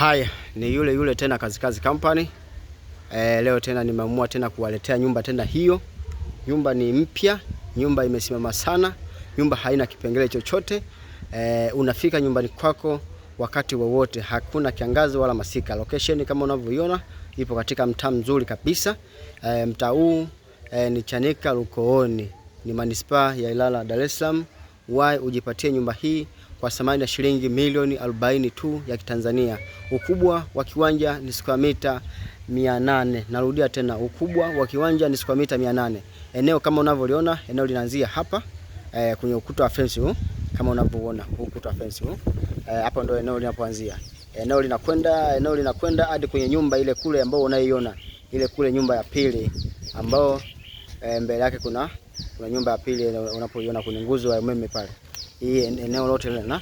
Haya, ni yule yule tena Kazikazi Company. E, leo tena nimeamua tena kuwaletea nyumba tena hiyo. Nyumba ni mpya, nyumba imesimama sana, nyumba haina kipengele chochote. E, unafika nyumbani kwako wakati wowote, hakuna kiangazi wala masika. Location kama unavyoiona ipo katika mtaa mzuri kabisa. E, mtaa huu e, ni Chanika Lukooni, ni manispaa ya Ilala, Dar es Salaam. Wai ujipatie nyumba hii kwa thamani ya shilingi milioni 40 tu ya Kitanzania. Ukubwa wa kiwanja ni square mita 800. Narudia tena, ukubwa wa kiwanja ni square mita 800. Eneo kama unavyoliona, eneo linaanzia hapa eh, kwenye ukuta wa fence huu kama unavyoona ukuta wa fence huu eh, hapa ndio eneo linapoanzia. Eneo linakwenda eneo linakwenda hadi kwenye nyumba ile kule ambayo unaiona ile kule nyumba ya pili ambayo eh, mbele yake kuna kuna nyumba ya pili unapoiona kuna nguzo ya umeme pale hii eneo lote lina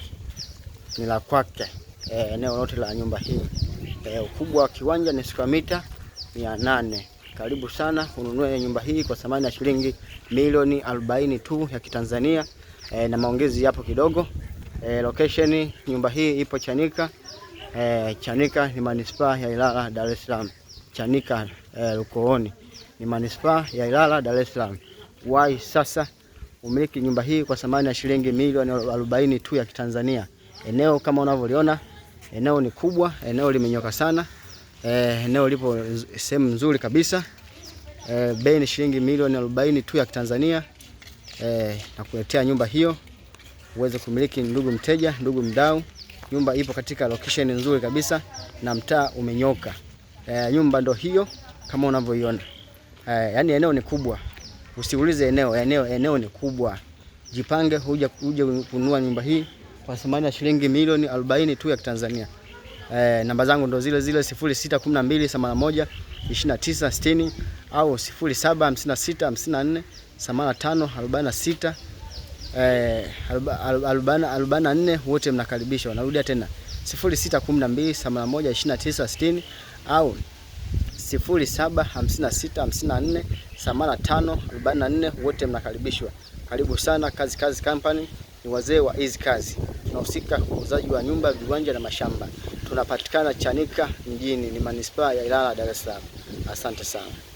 ni la kwake, e, eneo lote la nyumba hii. E, ukubwa wa kiwanja ni square mita mia nane. Karibu sana ununue nyumba hii kwa thamani ya shilingi milioni arobaini tu ya Kitanzania e, na maongezi yapo kidogo e, location nyumba hii ipo Chanika e, Chanika ni manispaa ya Ilala, Dar es Salaam. Chanika e, Lukooni ni manispaa ya Ilala, Dar es Salaam. Wai sasa umiliki nyumba hii kwa thamani ya shilingi milioni 40 tu ya Kitanzania. Eneo kama unavyoliona, eneo ni kubwa, eneo limenyoka sana. E, eneo lipo sehemu nzuri kabisa. E, bei ni shilingi milioni 40 tu ya Kitanzania. E, na kuletea nyumba hiyo uweze kumiliki, ndugu mteja, ndugu mdau. Nyumba ipo katika location nzuri kabisa na mtaa umenyoka. E, nyumba ndo hiyo kama unavyoiona. E, yani eneo ni kubwa usiulize eneo, eneo eneo ni kubwa. Jipange, huja kuja kununua nyumba hii kwa thamani ya shilingi milioni 40 tu ya Kitanzania. E, namba zangu ndo zile zile 0612812960 au 0756548546 eh 44 wote mnakaribishwa. Narudia tena 0612812960 au sifuri nne. wote mnakaribishwa. Karibu sana Kazi Kazi Company, ni wazee wa hizi kazi. Tunahusika uuzaji wa nyumba, viwanja na mashamba. Tunapatikana Chanika mjini, ni manispaa ya Ilala, Dar es Salaam. Asante sana.